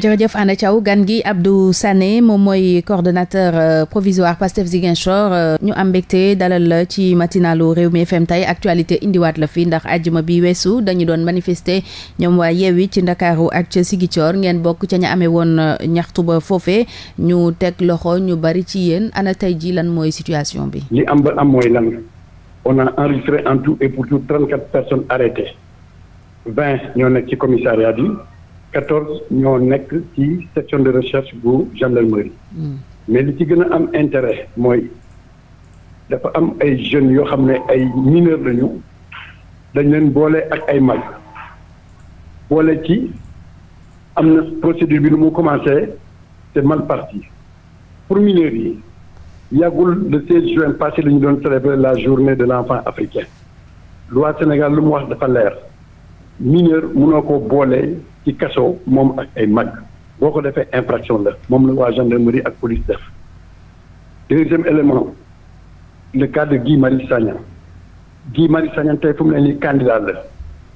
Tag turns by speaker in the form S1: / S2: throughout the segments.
S1: jërëjëf Anna Thiaw gan gi Abdou Sané moom mooy coordonnateur euh, provisoire Pastef Ziguinchor euh, ñu am mbégte dalal la ci matinalu réew mi FM tey actualité indiwaat la fi ndax àjjuma bi weesu dañu doon manifester ñoom waa Yewwi ci Ndakaaru ak ca Ziguinchor ngeen bokk ca ña amee woon euh, ñaxtu ba foofe ñu teg loxo ñu bari ci yéen ana tey ji lan mooy situation bi.
S2: li am ba am mooy lan on a enregistré en tout et pour tout personnes arrêtées ñoo nekk ci commissariat quatorze ñoo nekk ci section de recherche bu gendarmerie. Hmm. mais li ci gën a am intérêt mooy dafa am ay jeunes yoo xam ne ay mineurs lañu dañ leen boole ak ay mag boole ci am na procédure bi nu mu commencé te mal parti pour mineurs yi yàggul le 16 juin passé la ñu doon célébrer la journée de l'enfant africain loi Sénégal lu mu wax dafa leer mineur noo ko boole. ci kaso moom ak ay mag boo ko defee infraction la moom la waa gendarmerie ak police def deuxième élément le cas de Guy Marius Sagna Guy Marius Sagna tey fu mu ne nii candidat la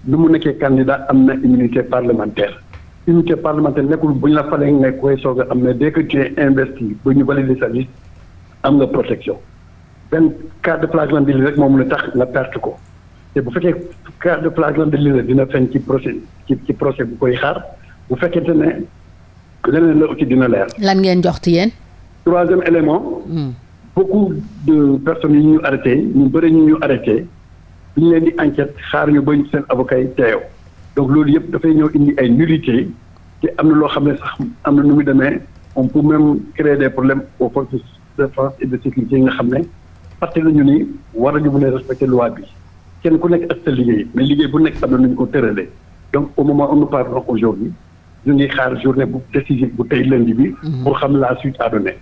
S2: lu mu nekkee am na immunité parlementaire immunité parlementaire nekkul bu ñu la falee nga koy soog am na dès que tu es investi ñu valider sa liste am nga protection benn cas de flagrant délit rek moom la tax nga perte ko te bu fekkee cas de place clandestine la dina feeñ ci procès ci ci procès bu koy xaar bu fekkente ne leneen la aussi dina leer.
S1: lan ngeen joxti yéen.
S2: troisième élément. Hmm. beaucoup de personnes yi ñu arrêté ñu bëri ñu ñu arrêté bi ñu leen di enquête xaar ñu ba seen avocat yi teew donc loolu yëpp dafay ñëw indi ay nullité te am na loo xam ne sax am na nu muy demee on peut même créer des problèmes aux forces de défense yi nga xam ne fàtte nañu ni war nañu mën a respecter loi bi. kenn ku nekk ak sa liggéey mais liggéey bu nekk am na nu ñu ko tëralee donc au moment où nous parlons aujourd'hui ñu ngi xaar journée bu décisive bu tey lundi bi. Mhm. pour xam la suite à donner.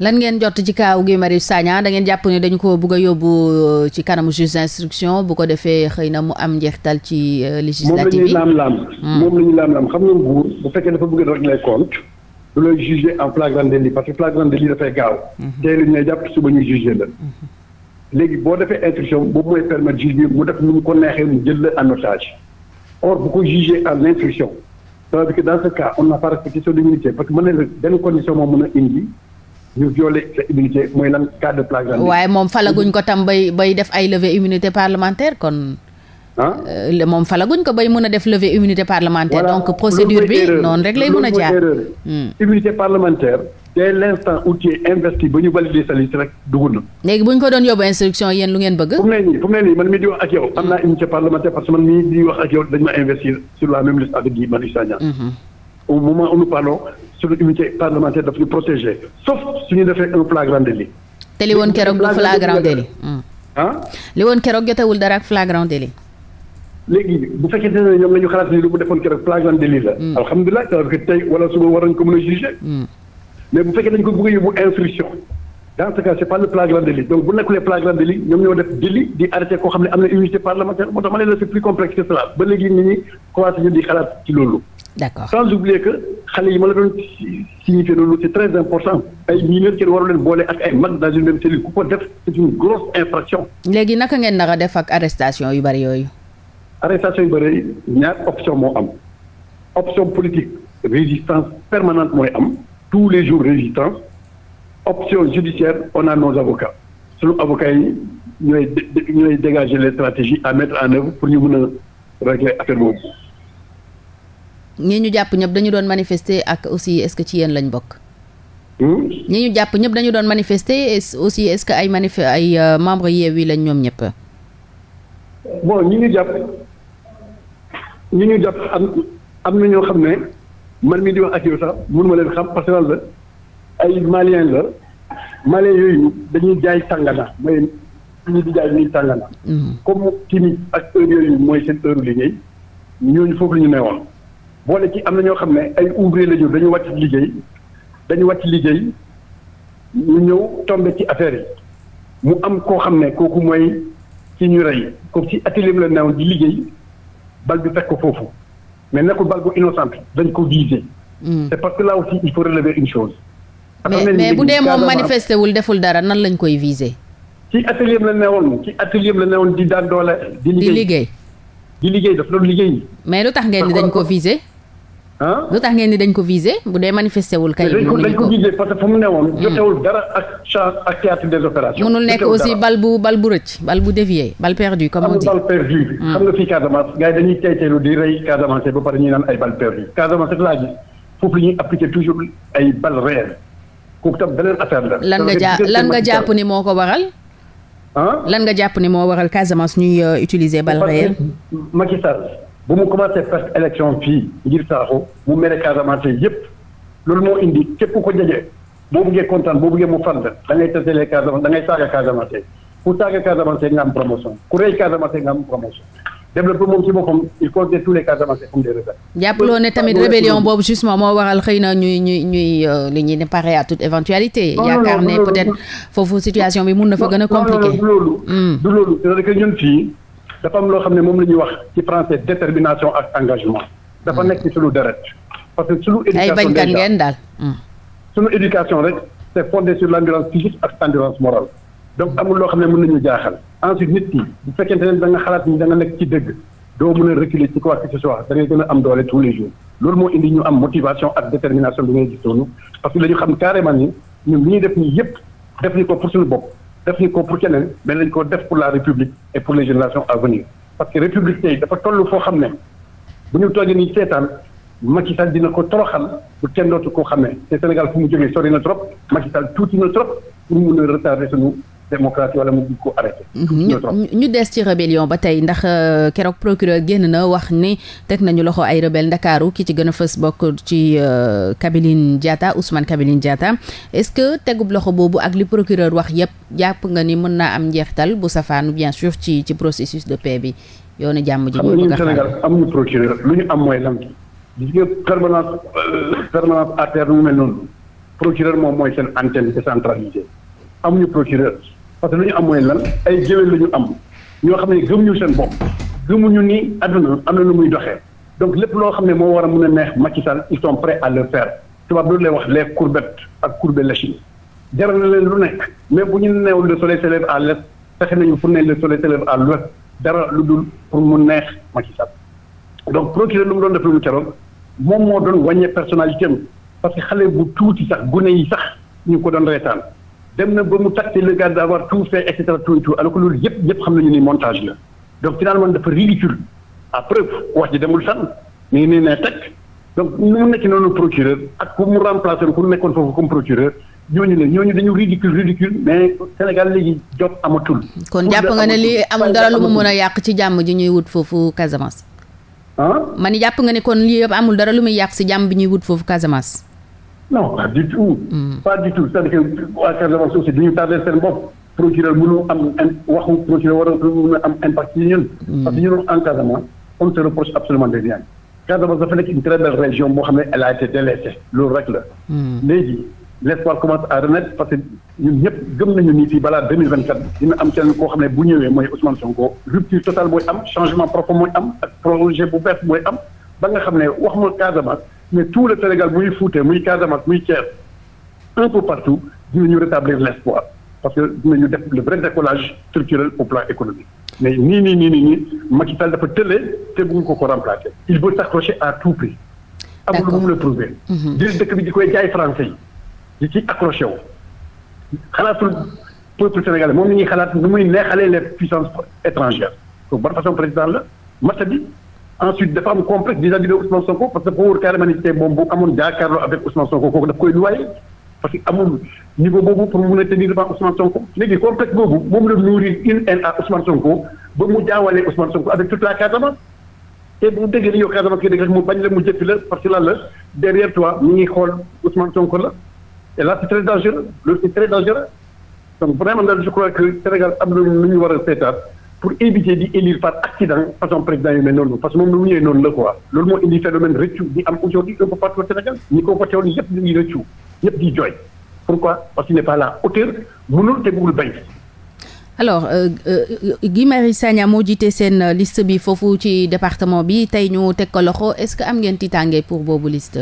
S1: ngeen jot ci kaaw Guy Marius Sagna da ngeen jàpp ne dañu ko bëgg a yóbbu euh, ci kanamu juge d'instruction bu ko defee xëy na mu am njeextal ci euh, législative bi hmm. moom
S2: la ñuy laam laam. la ñuy laam xam nga nguur bu fekkee dafa bëgg a régler compte du lay juger en flagrant délit parce que flagrant léegi boo defee instruction boobu mooy permettre juge bi mu def nu mu ko neexee mu jël la en or bu ko jugee en instruction c'est-à-dire que dans ce cas on n'a pas respecté son immunité parce condition moo mën a indi ñu violer sa immunité mooy lan cas de flagrant waaye moom
S1: falaguñ ko tam bay bay def ay levée immunité parlementaire kon. ah moom falaguñ ko bay mën a def levée immunité parlementaire. donc procédure bi noonu rek lay mën a jaar.
S2: Hmm. immunité parlementaire. dès l' instant où tu es investi ba ñu valider sa liste rek dugg na.
S1: léegi bu ñu ko doon yóbbu instruction yéen lu ngeen bëgg. fu
S2: ne nii man mii di wax ak yow am naa unité parlementaire parce que man mii di wax ak yow dañ ma investir sur la même liste avec Guy Marius mhm. au moment où nous parlons sur l'unité parlementaire daf ñu protéger sauf suñu defee un flagrant délit.
S1: te li woon keroog mhm. jotewul dara ak flagrant délit.
S2: léegi la ñu xalaat ni lu mu defoon keroog la. Mhm. alhamdulilah tey wala suba war nañ mais bu fekkee dañ ko bëgg a yóbbu instruction dans ce cas c' est pas le flagrant délit donc bu nekkulee flagrant délit ñoom ñoo def délit di arrêté koo xam ne am na immunité parlementaire moo tax ma ne la c' est plus complexe que cela ba léegi nit ñi commencé di xalaat ci loolu. d' accord sans oublier que xale yi ma la doon signifié loolu c' est très important ay mineurs kenn waru leen boole ak ay mag dans une même cellule ku ko def c' une mooy am. tous les jours résistance option judiciaire on a nos avocats sunu avocats yi ñooy ñooy dégager les stratégies à mettre en œuvre pour ñu mën a régler affaire boobu.
S1: ñi ñu jàpp ñëpp dañu doon manifester ak aussi est-ce que ci yéen lañu bokk. Hmm? ñu ñu jàpp ñëpp dañu doon manifester et ce que ay manif ay euh, membres Yewwi lañ ñoom ñëpp.
S2: bon ñu jàpp ñi ñu jàpp am am na ñoo xam ne. man mii di wax ak yow sax mënuma leen xam parce que la ay maliens la maliens yooyu dañuy jaay tàngana mooy ñi di jaay ñuy tàngana. Mm-hmm. comme timit ak heure yooyu mooy seen heure liggéey ñooñu foofu la ñu woon boole ci am na ñoo xam ne ay ouvrier la ñu dañu wàcc liggéey dañu wàcc liggéey ñu ñëw tombé ci affaire yi mu am koo xam ne kooku mooy ci ñu rey kooku ci atelier la newoon di liggéey bal bi fekk ko foofu. mais nekkul balle bu innocente dañ ko viser. Hmm. c'est parce que là aussi il faut relever une mais bu dee moom manifesté
S1: wul deful dara nan lañ koy
S2: viser. ci atelier la newoon ci atelier la newoon di daan doole. di liggéey di liggéey. di liggéey daf doon liggéey.
S1: mais lu tax ngeen ni dañ ko viser. ah. lu tax ngeen ni dañ ko visé bu dee manifesté wul kay. dañ
S2: mu ne woon. Hmm. jotewul dara ak chance ak théâtre des opérations. mënul nekk aussi
S1: bal bu bal bu rëcc bal bu dévié bal perdu comme on dit. bal
S2: perdu. Hmm. xam nga fii Casamance gars yi dañuy tey teylu di rey Casamance ba pare ñuy naan ay bal perdu Casamance laa gis foofu ñuy appliqué toujours ay bal réel lan nga jàpp lan nga jàpp
S1: ni moo ko waral. ah lan nga jàpp ni moo waral Casamance ñuy euh, utiliser bal réel.
S2: Macky Sall. bu mu commencé perte élection fii ngir saaxu mu mere Casamance yépp loolu moo indi képp ko jege boo buggee kontaan boo buggee mu fan la da ngay tasalee Casamance da ngay saaga Casamance ku saaga Casamance nga am promotion ku rey Casamance nga am promotion développé moom ci boppam il faut que tous les Casamance comme des
S1: ne tamit rébellion boobu justement moo waral xëy na ñuy ñuy ñuy euh, li à toute éventualité. yaakaar ne peut foofu situation bi mun a compliqué. du loolu
S2: hmm. dafa am loo xam ne moom la ñuy wax ci français détermination ak engagement. dafa hmm. nekk ci suñu deret. parce que suñu éducation ay bañkat ngeen daal. Hmm. suñu éducation rek c' est fondé sur l' endurance physique ak endurance morale. donc amul loo xam ne mën nañu jaaxal. ensuite nit ki bu fekkente ne da nga xalaat ni da nga nekk ci dëgg. doo mën a reculer ci quoi que ce soit da ngay am doole tous les jours loolu moo indi ñu am motivation ak détermination bi ngay gisoonu parce que dañu xam carrément ni ñun li ñuy def nii yëpp def ni ko pour suñu bopp. def ñu ko pour keneen mais lañ ko def pour la république et pour les générations à venir parce que république tey dafa toll foo xam ne bu ñu toogee nii seetaan Macky Sall dina ko toroxal pour kenn dootu koo xam ne te Sénégal fu mu jógee sori na trop Macky Sall tuuti na trop pour mun a retarder suñu démocratie wala mu bugg ko arrêté.
S1: Mhm. ñu des ci rébellion ba tey ndax euh, keroog procureur génn na wax ni teg nañu loxo ay rebelle ndakaaru ki ci gën a fës bokk ci euh, Kabiline Diatta Ousmane Kabiline Diatta est-ce que tegub loxo boobu ak li procureur wax yépp jàpp nga ni mën naa am njeextal bu safaanu bien sûr ci ci processus de paix bi yoonu jàmm ji. ñu Sénégal
S2: amuñu procureur lu ñu am mooy lam gis nga permanence euh, permanence mu mel noonu procureur moom mooy seen antenne décentralisée amuñu procureur. parce que lu ñu am mooy lan ay géwél la ñu am ñoo xam ne gëmuñu seen bopp gëmuñu nii àdduna am na lu muy doxee donc lépp loo xam ne moo war a mun a neex Macky Sall ils sont prêts à le faire tubaab loolu lay wax les courbettes ak courber l'échine jaral na leen lu nekk mais bu ñu neew le soleil se lève à l'est fexe nañu pour ne le soleil se à l'ouest dara lu dul pour mu neex Macky Sall donc procureur lu mu doon def lu mu keroog moom moo doon wàññee personnalité am parce que xale bu tuuti sax gune yi sax ñu ko doon reetaan dem na ba mu taxé le gars d'avoir tout fait et tout tout alors que loolu yëpp ñëpp xam nañu ni montage la donc finalement dafa ridicule à preuve wax ji mu sànn mi ngi ne teg donc nu mu nekk noonu procureur ak ku mu remplacé ku nekkoon foofu comme procureur ñooñu ne ñooñu dañu ridicule ridicule mais Sénégal léegi jot amatul. kon jàpp nga ne li amul dara lu mu mën a yàq
S1: ci jàmm ji ñuy wut foofu Casamance. ah man jàpp nga ne kon lii amul dara lu muy yàq si jàmm bi ñuy wut foofu Casamance.
S2: non pas du tout. Hmm. pas du tout c'est-à-dire que waa Casamance aussi du ñu tardé seen bopp. procureur mënu am waxu procureur war a am impact yi ñun. Hmm. parce que ñun en Casamance on se reproche absolument de rien. Casamance dafa nekk une très belle région boo xam ne elle a été délaissée loolu rek la. Hmm. léegi l'espoir commence à renaître parce que ñun ñëpp gëm nañu ni fii balaa 2024 dina am kenn koo xam ne bu ñëwee mooy Ousmane Sonko rupture totale mooy am changement profond mooy am ak projet bu bees mooy am ba nga xam ne wax ma Casamance. mais tout le Sénégal muy Fouta muy Casamance muy Thiès un peu partout dinañu rétablir l'espoir parce que dinañu def le vrai décollage structurel au plan économique mais nii nii nii nii nii Macky Sall dafa tëlee te bu ñu ko ko remplacer il veut s'accrocher à tout prix amul lu mu la trouver mhm. jël dëkk bi di koy français yi di ci accroché wu xalaatul peuple sénégalais moom la ñuy xalaat nu muy neexalee les puissances étrangères donc ban ensuite dafa am complexe vis-à-vis de Ousmane Sonko parce que dafa wóor carrément ni tey moom bu amoon jàkkaarloo avec Ousmane Sonko kooku daf koy noyyi parce que amul niveau boobu pour a tenir devant Ousmane Sonko léegi complexe boobu moom la nourrir une haine à Ousmane Sonko ba mu jaawalee te bu déggee ni yow Casamance ki dégg rek mu parce que am na nu ñu war a seetaat pour éviter di élire par accident façon président yu mel noonu parce que moom lu mu ñëwee noonu la quoi loolu moo indi phénomène rëccu di am aujourd'hui un peu partout ko voté woon yëpp ñu ngi yëpp di jooy pourquoi parce qu'il n'est pas la hauteur mënul te bëggul bañ.
S1: alors euh, euh, Guy Marius moo jiite seen list bi foofu ci département bi tey ñu teg ko loxo est-ce que am ngeen tiitaange pour boobu liste.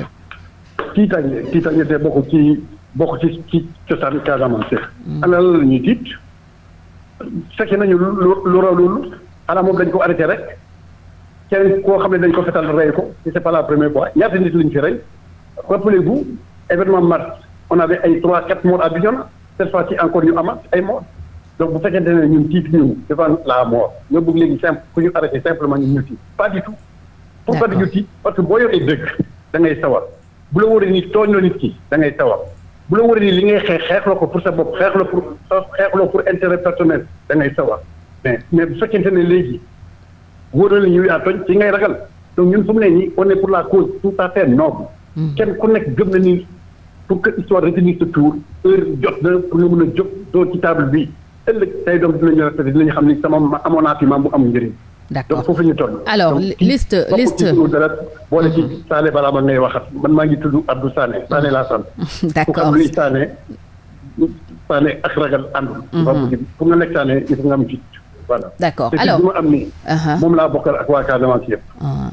S2: tiitaange tiitaange te bokk ci bokk ci ci cosaan Casamance. Hmm. alal la fekkee nañu lu lu raw loolu xanaa moom dañ ko arrêté rek kenn koo xam ne dañ ko fetal rey ko c'est pas la première fois ñaata nit lañ fi rey rappelez-vous événement mars on avait ay trois quatre morts à Bignona cette ci encore ñu amaat ay morts donc bu fekkente ne tiit ñu devant la mort nga bëgg léegi simple ku ñu arrêté simplement ñun ñu tiit pas du tout pour pas ñu tiit parce que boo yoree dëgg da ngay sawar bu la wóoree ni tooñ la ki da ngay sawar bu la wëree ni li ngay xeex xeex la ko pour sa bopp xeex la pour xeex la pour intérêt personnel da ngay sawar mais mais bu fekkente ne léegi wóor na la ñu yaa tooñ ci ngay ragal donc ñun fu mu ne nii on est pour la cause tout à fait noble. Hmm. kenn ku nekk gëm na pour que histoire retenir ce tour heure jot na pour nga mën a jóg doo ci table bi ëllëg tey doom dinañu rafetlu ñu xam ni sama amoon naa fi maam bu am njëriñ. d' accord donc foofu ñu toll. alors liste
S1: liste donc dara
S2: boole ci Sané balaa man ngay waxat man maa ngi tudd Abdou Sané Sané laa sant.
S1: d' accord ku xam luy Sané
S2: Sané ak ragal àndul. fu nga nekk Sané il faut nga am fit voilà. ci bi ma am nii. Uh-huh. moom laa bokkal ak waa Casamance yëpp. Ah.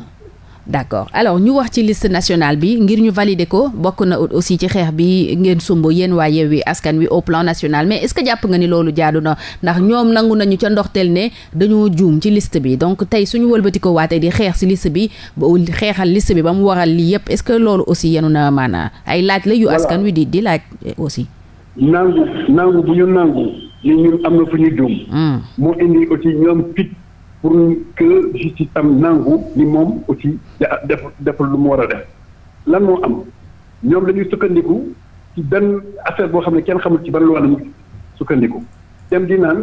S2: d' accord
S1: alors ñu wax ci liste nationale bi ngir ñu valider ko bokk na aussi ci xeex bi ngeen sumb yéen waa Yewwi Askan Wi au plan national mais est ce que jàpp nga ni loolu jaadu na ndax ñoom nangu nañu ca ndoxteel ne dañoo juum ci liste bi donc tey suñu wëlbati ko waatee di xeex si liste bi ba xeexal liste bi ba mu waral lii yépp est ce que loolu aussi yenu na maanaa ay laaj la yu askan wi di di laaj aussi
S2: nangu nangu bu ñu nangu ni ñun am na fu ñu juum hmm. moo indi aussi ñoom picc pour que justice am nangu ni moom aussi def deful lu mu war a def lan moo am ñoom dañuy sukkandiku ci benn affaire boo xam ne kenn xamul ci ban loi lañu sukkandiku dem di naan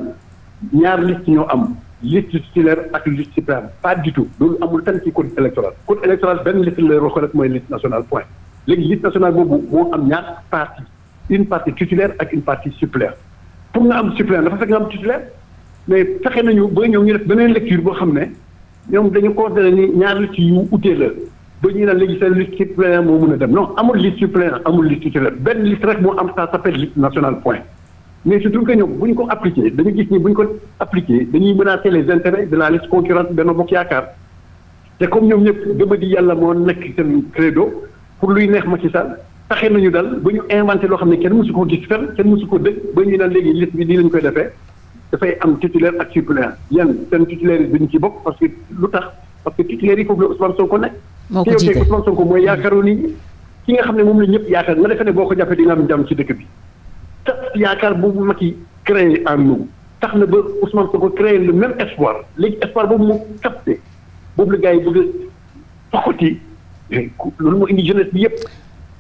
S2: ñaar liste ñoo am liste titulaire ak liste suppléante pas du tout loolu amul tan ci code électoral code électoral benn liste lay reconnaître mooy liste nationale point léegi liste nationale boobu moo am ñaar partie une partie titulaire ak une partie suppléante pour nga am suppléant dafa fekk nga am mais fexe nañu ba ñoom ñu def beneen lecture boo xam ne ñoom dañu considéré ni ñaar liste yu utee la ba ñu naan léegi seen liste suppléant moo mën a dem non amul liste suppléant amul liste titulaire benn liste rek moo am ça s'appelle liste nationale point mais surtout que ñoom bu ñu ko appliqué dañu gis ni bu ñu ko appliqué dañuy menacer les intérêts de la liste concurrente Benno Bokk Yaakaar te comme ñoom ñëpp dama di yàlla moo nekk seen credo pour luy neex Macky Sall taxe nañu dal ba ñu inventé loo xam ne kenn mësu ko gis fenn ko dëkk ba ñuy léegi liste bi nii lañu koy defee dafay am titulaire ak suppléant yan seen titulaire yi duñ ci bokk parce que lu tax parce que titulaire yi foofu la Ousmane ko nekk. moo ko jiite Ousmane Sonko mooy yaakaaru nit ki nga xam ne moom la ñëpp yaakaar nga defee ne boo ko jàppee di nga am jàmm ci dëkk bi. tax yaakaar boobu mag yi créé en nous tax na ba Ousmane Sonko créé le même espoir léegi espoir boobu mu capté boobu la gars yi bëgg a toxati loolu moo indi jeunesse bi yëpp.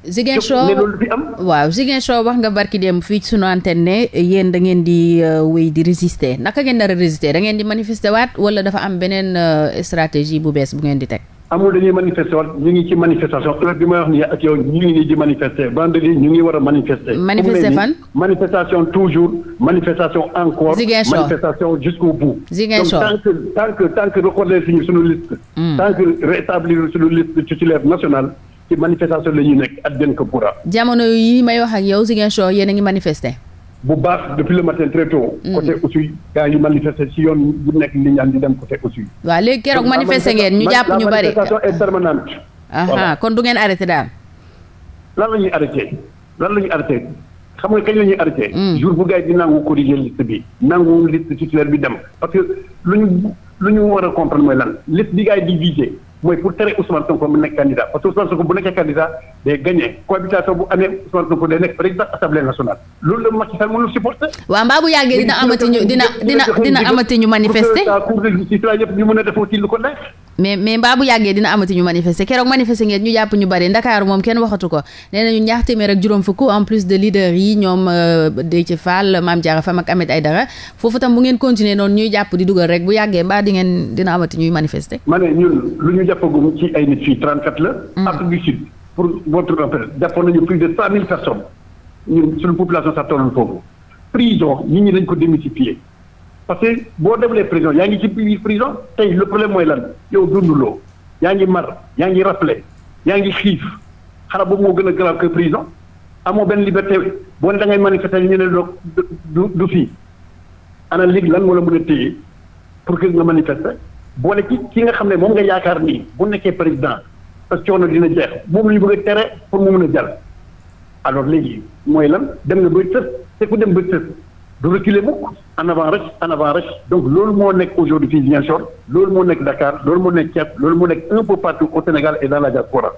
S1: Ziguinchor ne loolu fi am. waaw Ziguinchor wax nga barki dem fii sunu antenne ne yéen da ngeen di euh, wéy di résister naka ngeen nar a résister ngeen di manifester waat wala dafa am beneen euh, stratégie bu bees bu ngeen di teg.
S2: amul dañuy manifester waat ñu ngi ci manifestation heure bi may wax nii ak yow ñu ngi nii di manifester vendredi ñu ngi a manifester. manifester fan manifestation toujours manifestation encore. Ziguinchor manifestation jusqu'au bout. Ziguinchor donc tant que tant que tant que recordé suñu suñu liste. Hmm. tant que rétablir suñu liste titulaire nationale. ci manifestation la ñuy nekk ak jën ko pura.
S1: jamono yi may wax ak yow Ziguinchor yéen a ngi manifester.
S2: bu baax depuis le matin très tôt. Mm. côté gaa ngi manifester si yoon bu nekk li ñaan di dem côté Oussouye.
S1: waaw léegi keroog manifester ngeen ñu jàpp ñu bari. kon du ngeen arrêté daal.
S2: lan la ñuy arrêté lan la ñuy arrêté xam nga kañ la ñuy arrêté. Mm. jour bu gars yi nangu corriger liste bi. nangu liste titulaire bi dem. parce que lu ñu lu ñu war a comprendre mooy lan liste bi gars mooy pour tere Ousmane Sonko mu nekk candidat parce que Ousmane Sonko bu nekkee candidat day gagné cohabitation bu amee Ousmane Sonko day nekk président assemblée nationale loolu la Macky Sall mënul supporter.
S1: waaw mbaa bu yàggee dina amati ñu dina dina dina amati ñu manifester. mais mais mbaa bu yàggee dina amati ñu manifester keroog manifester ngeen ñu jàpp ñu bari Ndakaaru moom kenn waxatu ko nee nañu ñaar téeméer ak juróom fukk en plus de leader yi ñoom euh, Déthié Fall Mame Diarra Fam ak Ahmed Aïdara foofu tam bu ngeen continuer noonu ñuy jàpp di dugal rek bu yàggee mbaa di ngeen dina amati ñuy manifester.
S2: ma ne ñun lu ñu jàppagum ci ay nit fii 34 la. Mm. Afrique du Sud pour votre rappel jàppoon nañu plus de 100000 personnes ñun suñu population sax tolloon foofu parce que boo demee prison yaa ngi ci biir prison tey le problème mooy lan yow loo yaa ngi mar yaa ngi rappelé yaa ngi xiif xanaa boobu moo gën a grave que prison amoo benn liberté boo ne da ngay manifester ñu ne du du fii ana léegi lan moo la mën a téye pour que nga manifester boole ci ki nga xam ne moom nga yaakaar nii bu nekkee président sa coono dina jeex moom la ñu bëgg tere pour mu mën a jàll alors léegi mooy lan dem nga ba tës te dem ba du reculer mukk en avant rek en avant rek donc loolu moo nekk aujourd'hui fii Ziguinchor loolu moo nekk Dakar loolu moo nekk Thiès loolu moo nekk un peu partout au Sénégal et dans la diaspora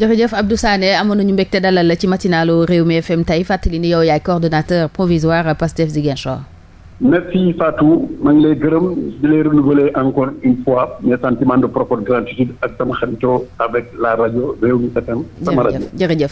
S1: jërëjëf Abdou Sané amoon nañu mbégte dalal la ci matinalu Rewmi FM tey fàttali ni yow yaay coordonnateur provisoire Pastef Ziguinchor
S2: merci Fatou maa ngi lay gërëm di lay renouveler encore une fois mes sentiments de profonde gratitude ak sama xaritoo avec la rajo Rewmi FM